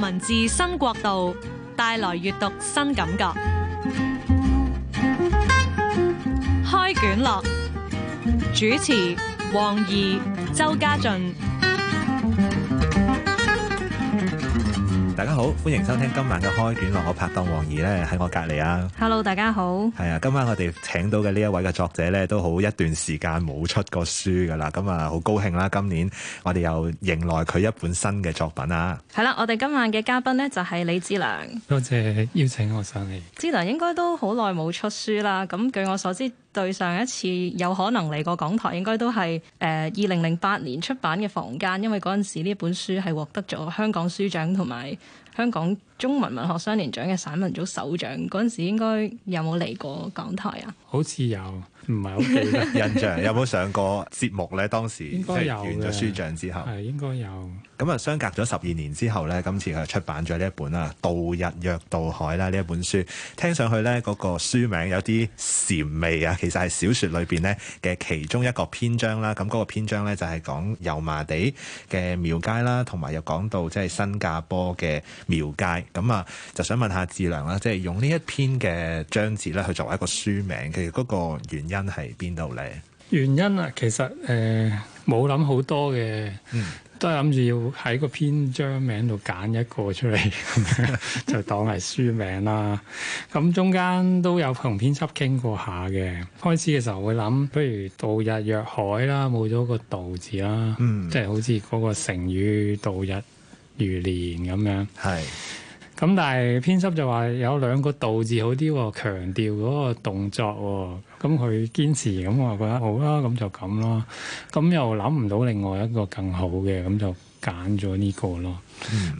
文字新國度帶來閱讀新感覺，開卷樂，主持黃怡、周家俊。大家好，歡迎收聽今晚嘅開卷樂。我拍檔黃怡咧喺我隔籬啊。Hello，大家好。係啊，今晚我哋請到嘅呢一位嘅作者咧，都好一段時間冇出過書噶啦。咁、嗯、啊，好高興啦、啊，今年我哋又迎來佢一本新嘅作品啊。係啦， 我哋今晚嘅嘉賓呢，就係、是、李智良。多謝、謝邀請我上嚟。智良應該都好耐冇出書啦。咁據我所知。對上一次有可能嚟過港台，應該都係誒二零零八年出版嘅《房間》，因為嗰陣時呢本書係獲得咗香港書獎同埋香港中文文學雙年獎嘅散文組首獎。嗰陣時應該有冇嚟過港台啊？好似有。唔係好記得印象，有冇上過節目呢？ 當時應該有完咗書獎之後，係應該有。咁啊，相隔咗十二年之後呢，今次佢出版咗呢一本啦，《渡日若渡海》啦呢一本書，聽上去呢，嗰個書名有啲禪味啊。其實係小説裏邊呢嘅其中一個篇章啦。咁、那、嗰個篇章呢，就係講油麻地嘅廟街啦，同埋又講到即係新加坡嘅廟街。咁啊，就想問,問下智良啦，即、就、係、是、用呢一篇嘅章節呢，去作為一個書名，其實嗰個原。原因係邊度嚟？原因啊，其實誒，冇諗好多嘅，嗯、都係諗住要喺個篇章名度揀一個出嚟， 就當係書名啦。咁中間都有同編輯傾過下嘅，開始嘅時候會諗，不如渡日若海啦，冇咗個渡字啦，嗯、即係好似嗰個成語度日如年咁樣。係是，咁但係編輯就話有兩個渡字好啲，強調嗰個動作。咁佢堅持咁，我覺得好啦，咁就咁啦。咁又諗唔到另外一個更好嘅，咁就揀咗呢個咯。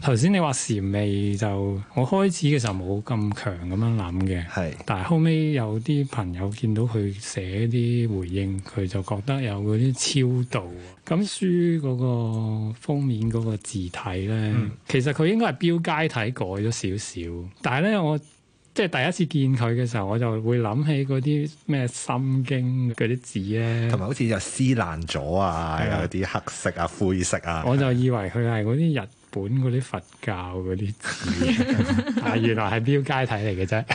頭先、嗯、你話禪味就我開始嘅時候冇咁強咁樣諗嘅，係是。但係後尾有啲朋友見到佢寫啲回應，佢就覺得有嗰啲超度。咁書嗰個封面嗰個字體咧，嗯、其實佢應該係標楷體改咗少少，但係咧我。即係第一次見佢嘅時候，我就會諗起嗰啲咩心經嗰啲字咧，同埋好似又撕爛咗啊，的有啲黑色啊、灰色啊，我就以為佢係嗰啲日本嗰啲佛教嗰啲字， 原來係標楷體嚟嘅啫。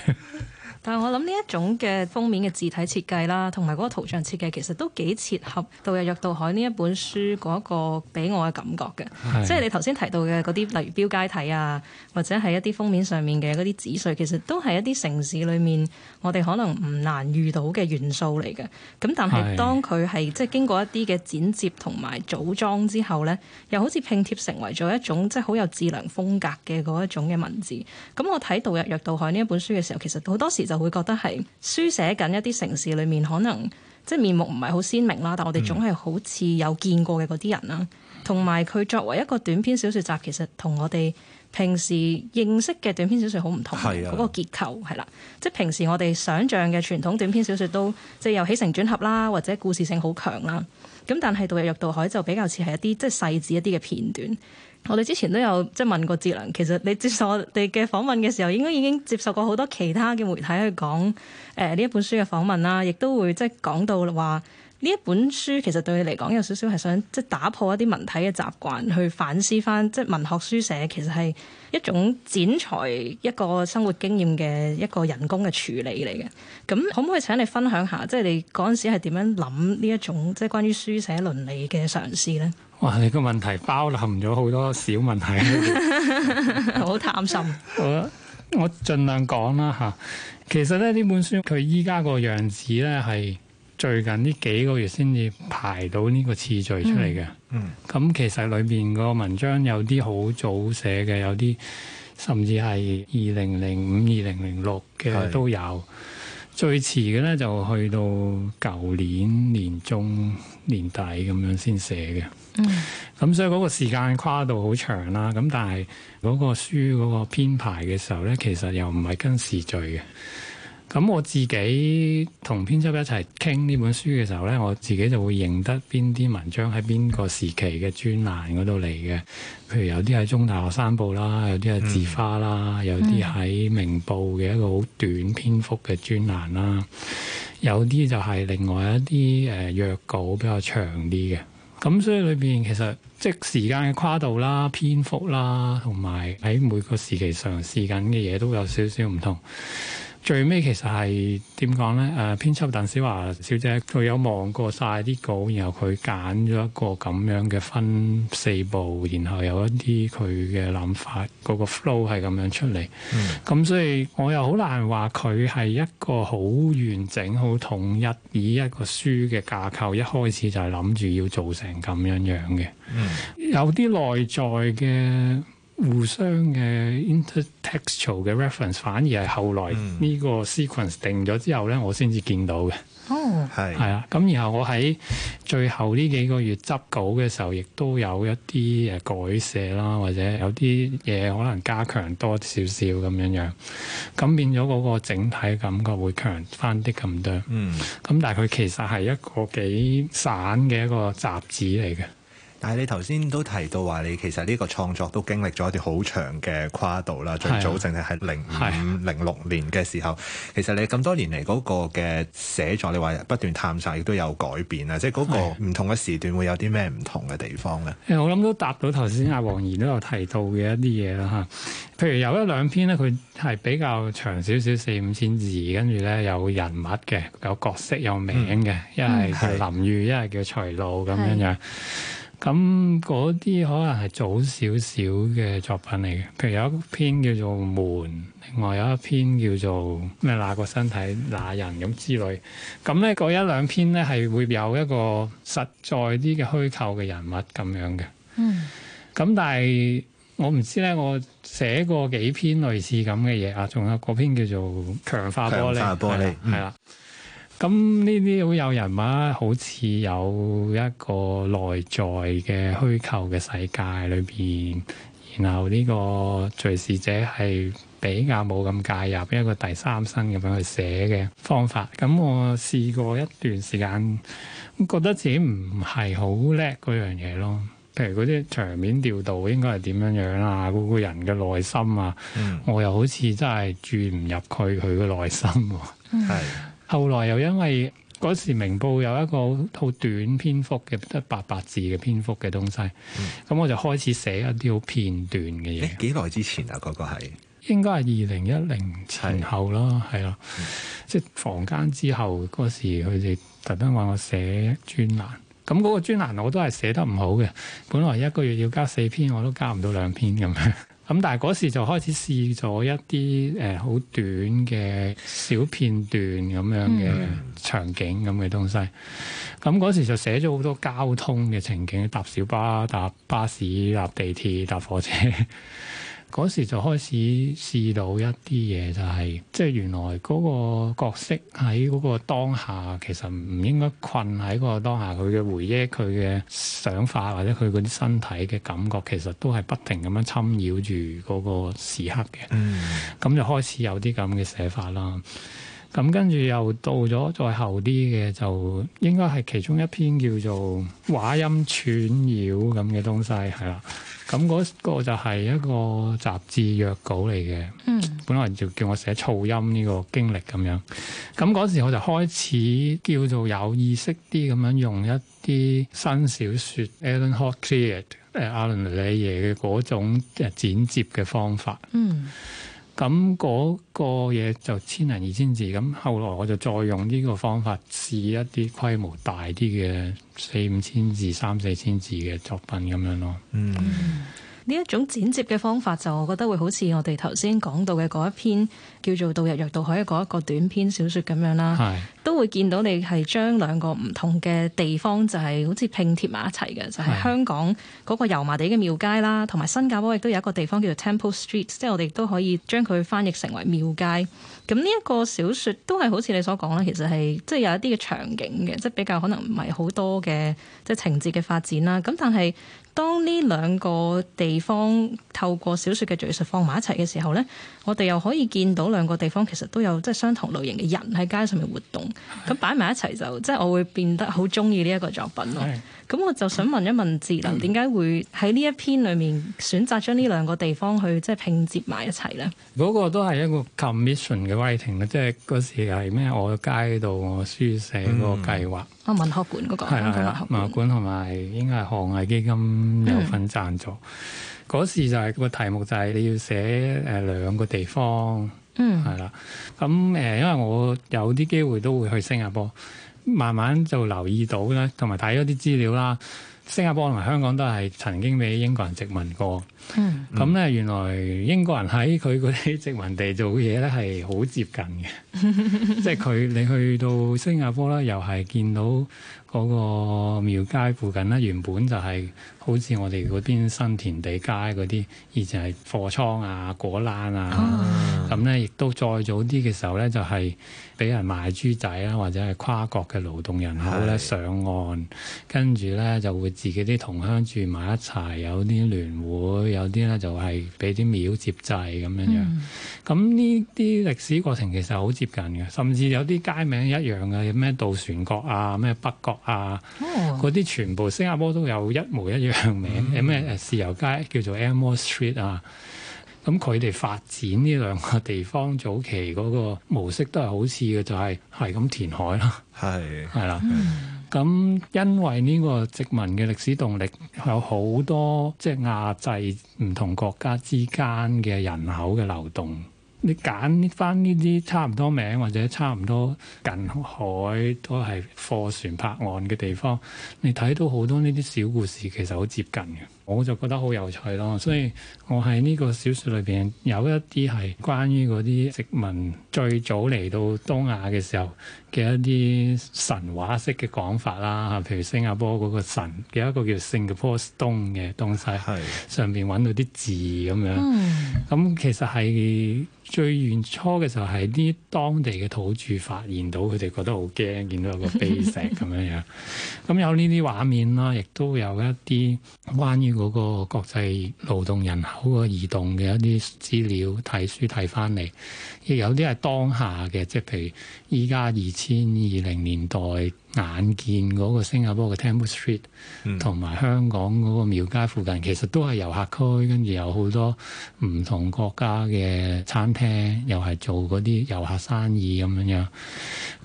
但係我諗呢一種嘅封面嘅字體設計啦，同埋嗰個圖像設計，其實都幾切合《渡日若渡海》呢一本書嗰個俾我嘅感覺嘅。是即係你頭先提到嘅嗰啲，例如標楷體啊，或者係一啲封面上面嘅嗰啲字碎，其實都係一啲城市裏面我哋可能唔難遇到嘅元素嚟嘅。咁但係當佢係是即係經過一啲嘅剪接同埋組裝之後呢，又好似拼貼成為咗一種即係好有智良風格嘅嗰一種嘅文字。咁我睇《渡日若渡海》呢一本書嘅時候，其實好多時，就會覺得係書寫緊一啲城市裏面，可能即係面目唔係好鮮明啦，但我哋總係好似有見過嘅嗰啲人啦。同埋佢作為一個短篇小説集，其實同我哋平時認識嘅短篇小説好唔同嘅嗰係、啊、個結構係啦。即係平時我哋想像嘅傳統短篇小説都即係有起承轉合啦，或者故事性好強啦。咁但係《渡日若渡海》就比較似係一啲即係細緻一啲嘅片段。我哋之前都有即係問過智良，其實你接受我哋嘅訪問嘅時候，應該已經接受過好多其他嘅媒體去講誒呢一本書嘅訪問啦，亦都會即係講到話呢一本書其實對你嚟講有少少係想即係打破一啲文體嘅習慣，去反思翻即係文學書寫其實係一種剪裁一個生活經驗嘅一個人工嘅處理嚟嘅。咁可唔可以請你分享下，即係你嗰陣時係點樣諗呢一種即係關於書寫倫理嘅嘗試呢？哇！你個問題包含咗好多小問題，好 貪 心。 好啦，我儘量講啦嚇。其實咧，呢本書佢依家個樣子咧，係最近呢幾個月先至排到呢個次序出嚟嘅。嗯，咁、嗯、其實裏面個文章有啲好早寫嘅，有啲甚至係二零零五、二零零六嘅都有。的最遲嘅咧就去到舊年年中年底咁樣先寫嘅。嗯，咁所以嗰個時間跨度好長啦。咁但係嗰個書嗰個編排嘅時候咧，其實又唔係跟時序嘅。咁我自己同編輯一齊傾呢本書嘅時候咧，我自己就會認得邊啲文章喺邊個時期嘅專欄嗰度嚟嘅。譬如有啲喺中大學生報啦，有啲係字花啦、嗯，有啲喺明報嘅一個好短篇幅嘅專欄啦，有啲就係另外一啲誒約稿比較長啲嘅。咁所以裏邊其實即係時間嘅跨度啦、篇幅啦，同埋喺每個時期嘗試緊嘅嘢都有少少唔同。最尾其實係點講咧？誒、呃、編輯鄧小華小姐佢有望過晒啲稿，然後佢揀咗一個咁樣嘅分四部，然後有一啲佢嘅諗法，嗰個 flow 係咁樣出嚟。咁、嗯、所以我又好難話佢係一個好完整、好統一，以一個書嘅架構一開始就係諗住要做成咁樣樣嘅。嗯、有啲內在嘅互相嘅 intertextual 嘅 reference，反而係後來呢個 sequence 定咗之後咧，我先至見到嘅。哦，係係啊，咁然後我喺最後呢幾個月執稿嘅時候，亦都有一啲誒改寫啦，或者有啲嘢可能加強多少少咁樣樣，咁變咗嗰個整體感覺會強翻啲咁多。嗯，咁但係佢其實係一個幾散嘅一個雜誌嚟嘅。但係你頭先都提到話，你其實呢個創作都經歷咗一段好長嘅跨度啦。最早淨係係零五、零六年嘅時候，其實你咁多年嚟嗰個嘅寫作，你話不斷探索，亦都有改變啦。即係嗰個唔同嘅時段會有啲咩唔同嘅地方咧？我諗都答到頭先阿黃言都有提到嘅一啲嘢啦嚇。譬如有一兩篇呢，佢係比較長少少四五千字，跟住咧有人物嘅，有角色有名嘅，一係林宇，一係叫徐老咁樣樣。咁嗰啲可能係早少少嘅作品嚟嘅，譬如有一篇叫做《門》，另外有一篇叫做咩哪、那個身體哪人咁之類。咁咧嗰一兩篇咧係會有一個實在啲嘅虛構嘅人物咁樣嘅。嗯。咁但係我唔知咧，我寫過幾篇類似咁嘅嘢啊，仲有嗰篇叫做《強化玻璃》。強化玻璃。係啦對。嗯咁呢啲好有人物，好似有一個內在嘅虛構嘅世界裏邊，然後呢個敘事者係比較冇咁介入，一個第三身咁樣去寫嘅方法。咁我試過一段時間，覺得自己唔係好叻嗰樣嘢咯。譬如嗰啲場面調度應該係點樣樣啊？嗰個人嘅內心啊，嗯、我又好似真係轉唔入佢。佢嘅內心喎。 後來又因為嗰時明報有一個好短篇幅嘅，得八百字嘅篇幅嘅東西，咁、嗯、我就開始寫一啲好片段嘅嘢。幾耐之前啊？嗰、嗰個係應該係二零一零前後咯，係咯，即係房間之後嗰時，佢哋特登話我寫專欄，咁嗰個專欄我都係寫得唔好嘅。本來一個月要交四篇，我都交唔到兩篇咁樣。 咁但係嗰時就開始試咗一啲誒好短嘅小片段咁樣嘅場景咁嘅東西，嗯，咁嗰時就寫咗好多交通嘅情景，搭小巴、搭巴士、搭地鐵、搭火車。嗰時就開始試到一啲嘢，就是，就係即係原來嗰個角色喺嗰個當下，其實唔應該困喺嗰個當下。佢嘅回憶、佢嘅想法或者佢嗰啲身體嘅感覺，其實都係不停咁樣侵擾住嗰個時刻嘅。咁、嗯、就開始有啲咁嘅寫法啦。咁跟住又到咗再後啲嘅，就應該係其中一篇叫做《話音串擾》咁嘅東西，係啦。咁嗰個就係一個雜誌約稿嚟嘅，嗯、本來就叫我寫噪音呢、這個經歷咁樣。咁、那、嗰、個、時我就開始叫做有意識啲咁樣用一啲新小説 Alan Hawtree a 誒阿倫李爺嘅嗰種剪接嘅方法。嗯。咁嗰個嘢就千零二千字，咁後來我就再用呢個方法試一啲規模大啲嘅四五千字、三四千字嘅作品咁樣咯。嗯。呢一種剪接嘅方法就，我覺得會好似我哋頭先講到嘅嗰一篇叫做《渡日若渡海》嗰一個短篇小説咁樣啦，是都會見到你係將兩個唔同嘅地方就係、是、好似拼貼埋一齊嘅，就係、是、香港嗰個油麻地嘅廟街啦，同埋是新加坡亦都有一個地方叫做 Temple Street，即係我哋都可以將佢翻譯成為廟街。咁呢一個小説都係好似你所講啦，其實係即係有一啲嘅場景嘅，即、就、係、是、比較可能唔係好多嘅即係情節嘅發展啦。咁但係。當呢兩個地方透過小說嘅敘述放埋一齊嘅時候，呢我哋又可以見到兩個地方其實都有即係相同類型嘅人喺街上面活動，咁擺埋一齊就即係我會變得好鍾意呢一個作品咯。咁我就想問一問，智良點解會喺呢一篇裏面選擇將呢兩個地方去即係拼接埋一齊咧？嗰個都係一個 commission 嘅 writing 咧，即係嗰時係咩？我街道我書寫嗰個計劃啊，嗯、文學館嗰、那個的學館文學館同埋應該係行藝基金有份贊助。嗰、嗯、時就係、是、個題目就係你要寫誒兩個地方，嗯，係啦。咁誒、呃，因為我有啲機會都會去新加坡。慢慢就留意到咧，同埋睇咗啲資料啦，新加坡同埋香港都係曾經俾英國人殖民過，嗯，咁咧，原來英國人喺佢嗰啲殖民地做嘢咧係好接近嘅。 即係佢，你去到新加坡啦，又係見到嗰個廟街附近咧，原本就係好似我哋嗰邊新田地街嗰啲，以前係貨倉啊、果欄啊，咁咧、啊、亦都再早啲嘅時候咧，就係、是、俾人賣豬仔啊，或者係跨國嘅勞動人口咧上岸，的跟住咧就會自己啲同鄉住埋一齊，有啲聯會，有啲咧就係俾啲廟接濟咁樣樣，咁呢啲歷史過程其實好似。近嘅，甚至有啲街名一樣嘅，有咩渡船角啊，咩北角啊，嗰啲、oh. 全部新加坡都有一模一樣名。有咩、mm hmm. 豉油街叫做 Amoy Street 啊，咁佢哋發展呢兩個地方早期嗰個模式都係好似嘅，就係係咁填海啦，係係啦。咁因為呢個殖民嘅歷史動力，有好多即係、就是、亞洲唔同國家之間嘅人口嘅流動。你揀返呢啲差唔多名或者差唔多近海都係貨船泊岸嘅地方，你睇到好多呢啲小故事，其實好接近嘅。我就覺得好有趣咯，所以我喺呢個小説裏邊有一啲係關於嗰啲殖民最早嚟到東亞嘅時候嘅一啲神話式嘅講法啦，嚇，譬如新加坡嗰個神嘅一個叫 Singapore Stone 嘅東西，的上邊揾到啲字咁樣，咁、嗯、其實係最原初嘅時候係啲當地嘅土著發現到，佢哋覺得好驚，見到有個碑石咁樣樣，咁 有呢啲畫面啦，亦都有一啲關於，嗰個國際勞動人口個移動嘅一啲資料睇書睇翻嚟，亦有啲係當下嘅，即係譬如依家二千二零年代眼見嗰個新加坡嘅 Temple Street，同埋香港嗰個廟街附近，其實都係遊客區，跟住有好多唔同國家嘅餐廳，又係做嗰啲遊客生意咁樣樣。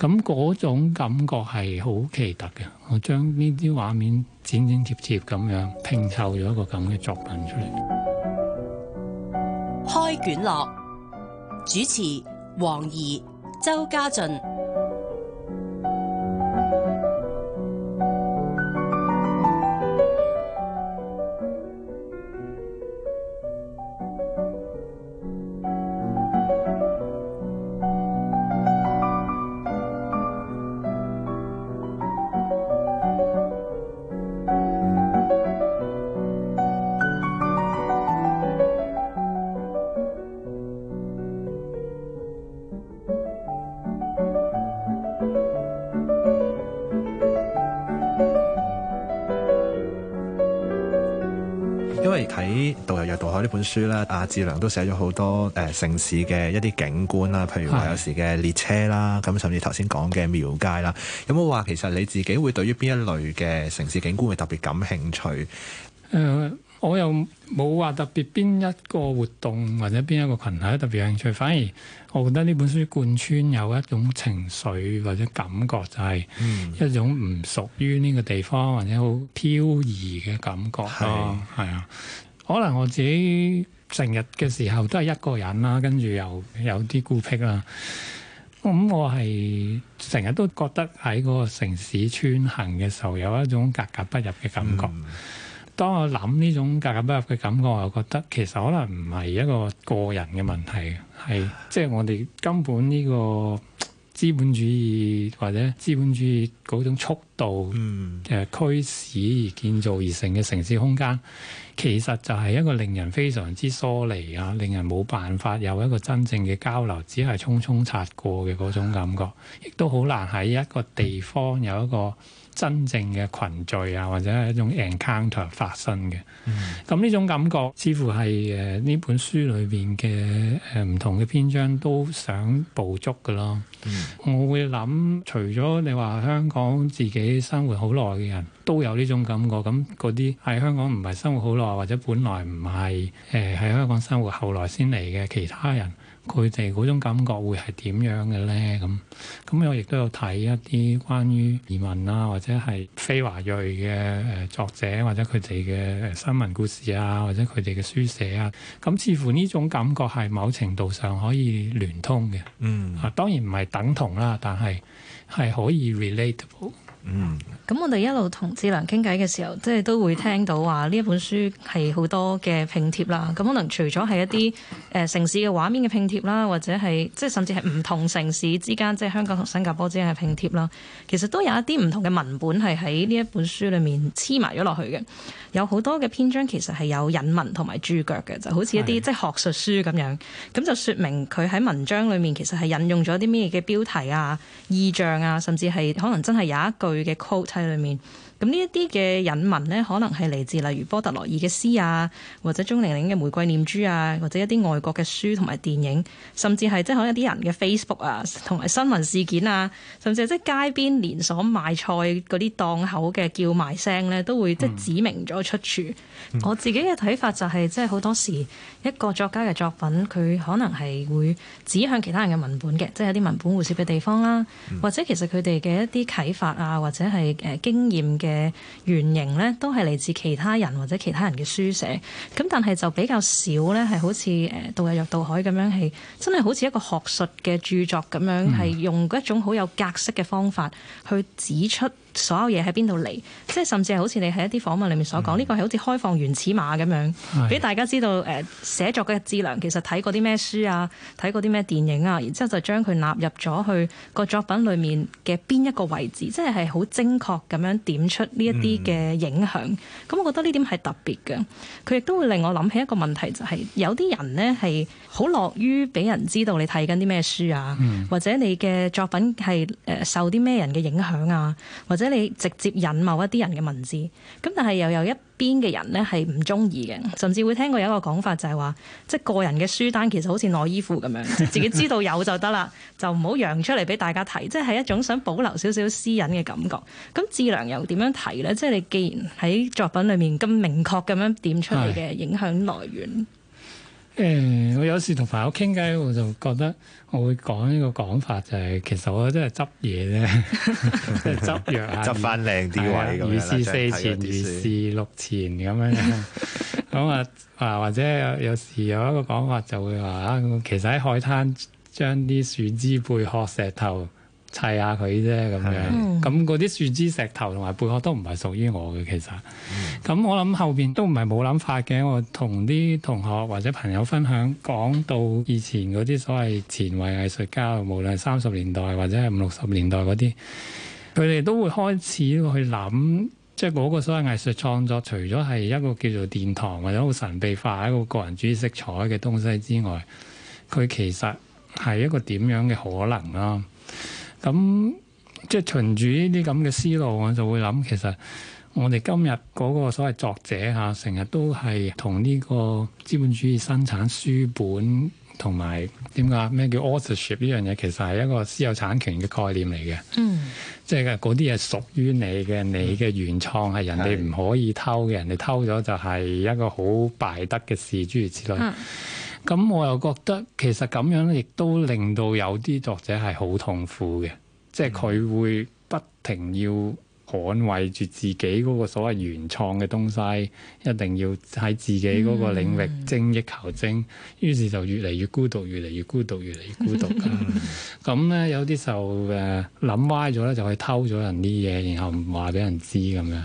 咁嗰種感覺係好奇特嘅，我將呢啲畫面剪剪貼貼咁樣拼湊咗一個咁嘅作品出嚟。開卷樂，主持黃怡、周家俊。睇《渡日若渡海》呢本書啦，阿志良都寫咗好多誒、呃、城市嘅一啲景觀啦，譬如話有時嘅列車啦，咁甚至頭先講嘅廟街啦，有冇話其實你自己會對於邊一類嘅城市景觀會特別感興趣？嗯我又冇話特別邊一個活動或者邊一個群體特別有興趣，反而我覺得呢本書貫穿有一種情緒或者感覺，就係一種唔屬於呢個地方或者好漂移嘅感覺。係啊，啊，啊，可能我自己成日嘅時候都係一個人啦，跟住又有啲孤僻啦。咁、嗯、我係成日都覺得喺嗰個城市穿行嘅時候，有一種格格不入嘅感覺。嗯當我諗呢種格格不入嘅感覺，我覺得其實可能唔係一個個人嘅問題，係即係我哋根本呢個資本主義或者資本主義嗰種速度、嗯、誒驅使而建造而成嘅城市空間，其實就係一個令人非常之疏離啊，令人冇辦法有一個真正嘅交流，只係匆匆擦過嘅嗰種感覺，亦都好難喺一個地方有一個真正嘅群聚啊，或者係一種 encounter 發生嘅，嗯，咁呢種感覺似乎係誒呢本書裏邊嘅誒唔同嘅篇章都想捕捉嘅咯。嗯，我會諗除咗你話香港自己生活好耐嘅人，都有呢種感覺，咁嗰啲喺香港唔係生活好耐，或者本來唔係誒喺香港生活，後來先嚟嘅其他人，佢哋嗰種感覺會係點樣嘅咧？咁咁我亦都有睇一啲關於移民啊，或者係非華裔嘅誒作者，或者佢哋嘅新聞故事啊，或者佢哋嘅書寫啊，咁似乎呢種感覺係某程度上可以聯通嘅。嗯，啊當然唔係等同啦，但係係可以 relatable。嗯，咁我哋一路同智良傾偈嘅時候，即係都會聽到話呢一本書係好多嘅拼貼啦。咁可能除咗係一啲誒、呃、城市嘅畫面嘅拼貼啦，或者係即係甚至係唔同城市之間，即係香港同新加坡之間嘅拼貼啦，其實都有一啲唔同嘅文本係喺呢一本書裡面黐埋咗落去嘅。有好多嘅篇章其實係有引文同埋注腳嘅，就好似一啲是即係學術書咁樣，咁就説明佢喺文章裏面其實係引用咗啲咩嘅標題啊、意象啊，甚至係可能真係有一句嘅 quote 喺裏面。咁呢一啲嘅引文咧，可能係嚟自例如波特萊爾嘅詩啊，或者鍾玲玲嘅《玫瑰念珠》啊，或者一啲外國嘅書同埋電影，甚至係即係可能一啲人嘅 Facebook 啊，同埋新聞事件啊，甚至係即係街邊連鎖賣菜嗰啲檔口嘅叫賣聲咧，都會即係指明咗出處，嗯、我自己嘅睇法就係即係好多時一個作家嘅作品，佢可能係會指向其他人嘅文本嘅，即係有啲文本互涉嘅地方啦，嗯、或者其實佢哋嘅一啲啟發啊，或者係誒經驗嘅。嘅原型咧，都係嚟自其他人或者其他人嘅書寫，咁但係就比較少咧，係好似誒《渡日若渡海》咁樣，係真係好似一個學術嘅著作咁樣，係、嗯、用一種好有格式嘅方法去指出。所有嘢喺邊度嚟？即係甚至係好似你喺一啲訪問裏面所講呢個係好似開放原始碼咁樣，俾、嗯、大家知道誒寫、呃、作嘅質量其實睇過啲咩書啊，睇過啲咩電影啊，然之後就將佢納入咗去個作品裏面嘅邊一個位置，即係係好精確咁樣點出呢一啲嘅影響，咁、嗯、我覺得呢點係特別嘅。佢亦都會令我諗起一個問題就係、是、有啲人咧係好樂於俾人知道你睇緊啲咩書啊、嗯、啊，或者你嘅作品係誒受啲咩人嘅影響啊，或者。或者你直接引某一啲人嘅文字，咁但係又有一邊嘅人咧係唔中意嘅，甚至會聽過有一個講法就係話，即係個人嘅書單其實好似內衣褲咁樣， 自己知道有就得啦，就唔好揚出嚟俾大家睇，即係一種想保留少少私隱嘅感覺。咁智良又點樣睇咧？即係你既然喺作品裏面咁明確咁樣點出嚟嘅影響來源？誒、欸，我有時同朋友傾偈，我就覺得我會講呢個講法，就是，就係其實我真係執嘢咧，即係執藥啊，執翻靚啲位，咁如是四錢，如 是六錢，咁樣。咁啊 啊，或者有有時有一個講法就會話啊，其實喺海灘將啲樹枝、貝殼、石頭砌下佢啫咁樣，咁嗰啲樹枝、石頭同埋貝殼都唔係屬於我嘅。其實咁、mm hmm.，我諗後邊都唔係冇諗法嘅。我同啲同學或者朋友分享，講到以前嗰啲所謂前衞藝術家，無論係三十年代或者係五六十年代嗰啲，佢哋都會開始去諗，即係嗰個所謂藝術創作，除咗係一個叫做殿堂或者好神秘化一個個人主義色彩嘅東西之外，佢其實係一個點樣嘅可能咯、啊。咁即係循住呢啲咁嘅思路，我就會諗，其實我哋今日嗰個所謂作者吓，成日都係同呢個資本主義生產書本同埋點解咩叫 authorship 呢樣嘢，其實係一個私有產權嘅概念嚟嘅。嗯，即係嗰啲係屬於你嘅，你嘅原創，係人哋唔可以偷嘅，嗯、人哋偷咗就係一個好敗德嘅事，諸如此類。嗯咁我又覺得其實咁樣咧，亦都令到有啲作者係好痛苦嘅，即係佢會不停要捍衞住自己嗰個所謂原創嘅東西，一定要喺自己嗰個領域精益求精。嗯、於是就越嚟越孤獨，越嚟越孤獨，越嚟越孤獨。咁咧， 有、呃、啲時候誒諗歪咗咧，就去偷咗人啲嘢，然後唔話俾人知咁樣，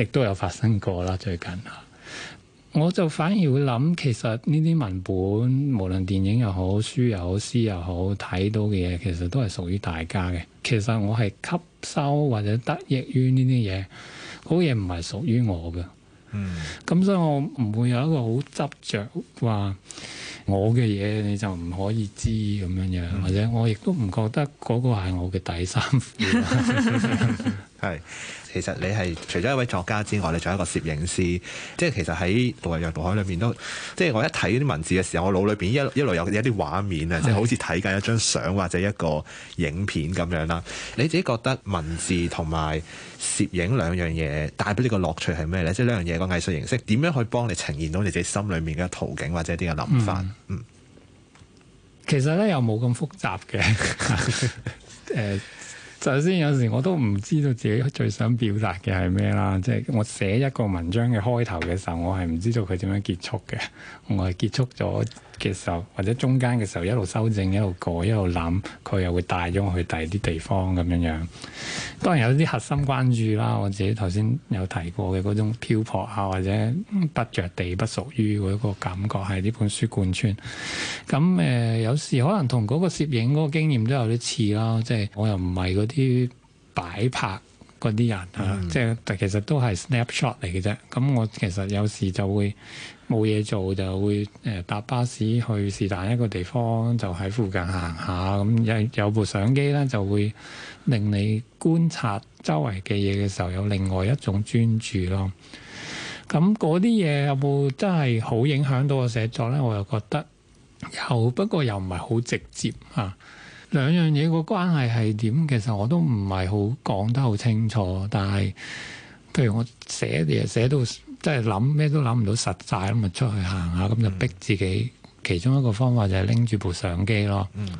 亦都有發生過啦，最近嚇。我就反而會諗，其實呢啲文本，無論電影又好，書又好，詩又好，睇到嘅嘢其實都係屬於大家嘅。其實我係吸收或者得益於呢啲嘢，嗰嘢唔係屬於我嘅。嗯，咁所以我唔會有一個好執着話，我嘅嘢你就唔可以知咁樣樣，或者我亦都唔覺得嗰個係我嘅第三。係， 其實你係除咗一位作家之外，你仲有一個攝影師。即係其實喺《渡日若渡海》裏面都，即係我一睇啲文字嘅時候，我腦裏邊一一路有一啲畫面啊，即係是好似睇緊一張相或者一個影片咁樣啦。你自己覺得文字同埋攝影兩樣嘢帶俾你個樂趣係咩 呢？即、就、係、是、兩樣嘢個藝術形式，點樣可以幫你呈現到你自己心裏面嘅圖景或者啲嘅諗法？ 嗯，其實咧又冇咁複雜嘅。誒、 呃，首先有時我都唔知道自己最想表達嘅係咩啦，即係我寫一個文章嘅開頭嘅時候，我係唔知道佢點樣結束嘅，我係結束咗嘅時候，或者中間嘅時候，一路修正，一路改，一路諗，佢又會帶咗我去第二啲地方咁樣樣。當然有啲核心關注啦，我自己頭先有提過嘅嗰種漂泊啊，或者不着地、不屬於嗰個感覺，係呢本書貫穿。咁誒、呃，有時可能同嗰個攝影嗰個經驗都有啲似啦，即係我又唔係嗰啲擺拍嗰啲人嚇、嗯啊，即係其實都係 snapshot 嚟嘅啫。咁我其實有時就會。冇嘢做就會誒搭巴士去是但一個地方，就喺附近行下咁。有有部相機咧，就會令你觀察周圍嘅嘢嘅時候，有另外一種專注咯。咁嗰啲嘢有冇真係好影響到個寫作咧？我又覺得又不過又唔係好直接嚇，啊。兩樣嘢個關係係點？其實我都唔係好講得好清楚，但係。譬如我寫嘢寫到即係諗咩都諗唔到，實際咁咪出去行下咁，就逼自己。Mm hmm. 其中一個方法就係拎住部相機咯。咁、mm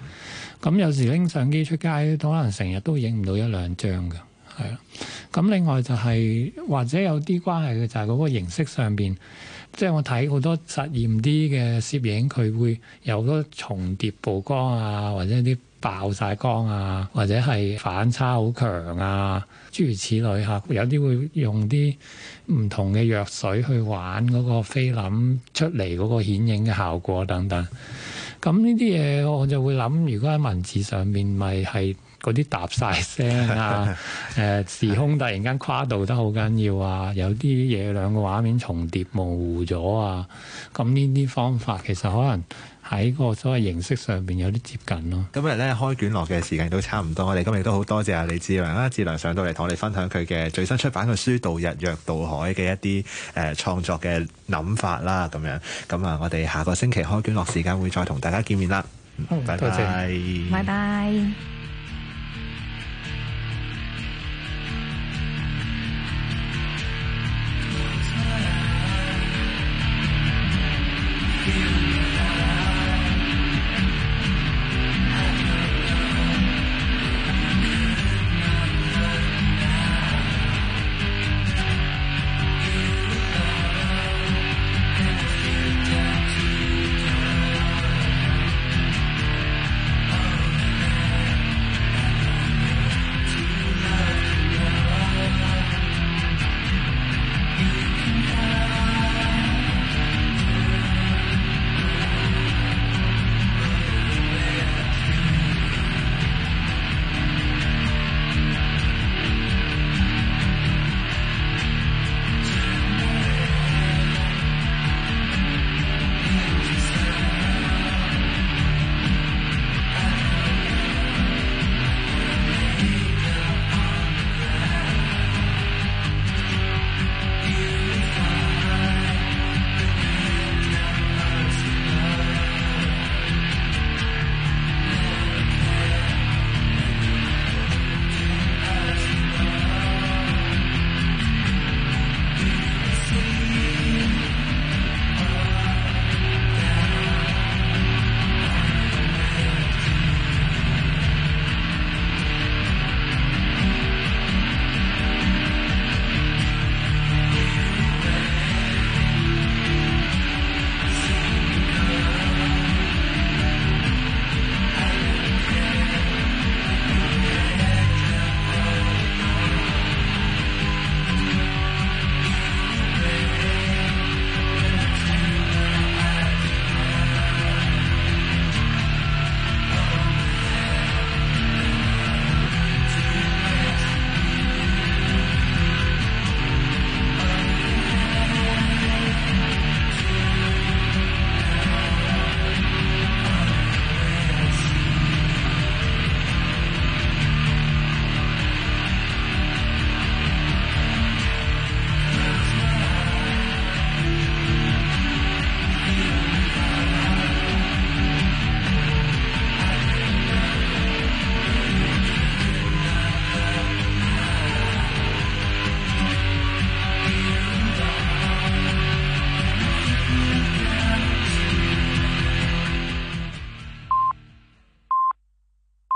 hmm. 有時拎相機出街都可能成日都影唔到一兩張嘅，係啦。咁另外就係、是、或者有啲關係嘅就係、是、嗰個形式上邊，即、就、係、是、我睇好多實驗啲嘅攝影，佢會有多重疊曝光啊，或者啲，爆晒光啊，或者係反差好強啊，諸如此類吓，有啲會用啲唔同嘅藥水去玩嗰個菲林出嚟嗰個顯影嘅效果等等。咁呢啲嘢我就會諗，如果喺文字上面咪係。嗰啲搭晒聲啊！誒 時空突然間跨度得好緊要啊！有啲嘢兩個畫面重疊模糊咗啊！咁呢啲方法其實可能喺個所謂形式上邊有啲接近咯。今日咧開卷樂嘅時間都差唔多，我哋今日都好多謝、啊、李智良啊！智良上到嚟同我哋分享佢嘅最新出版嘅書《渡日若渡海》嘅一啲誒創作嘅諗法啦，咁樣咁啊！我哋下個星期開卷樂時間會再同大家見面啦。嗯，多謝，拜拜。